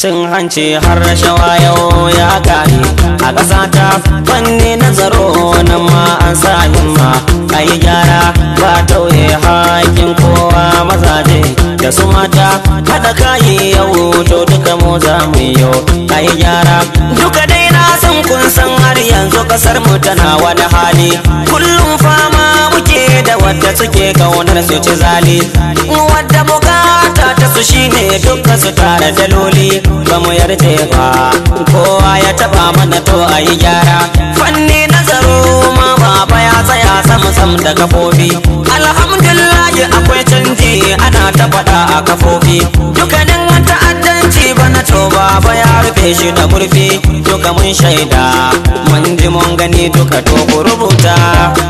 cin hanci har rashawa yau ya kare a ƙasata. ta fanni na zaro nan ma an sa himma a yi gyara ba tauye hakin kowa mazaje da su mata haɗa kayi yau to duka mu za mu yau a gyara duka dai na san kun san har yanzu ƙasar mu tana wani hali kullum fama muke da wadda suke kaunar su ci zali wadda bukata su shine dukkan su tare daloli ba mu yarda ba kowa ya taba mana to a yi gyara fanni nazaro ma baba ya tsaya sama sam da kafofi alhamdulillah akwai canji ana ta faɗa a kafofi dukkanin ta'addanci bana to baba ya rufe shi da murfi duka mun shaida mun ji mun gani duka to rubuta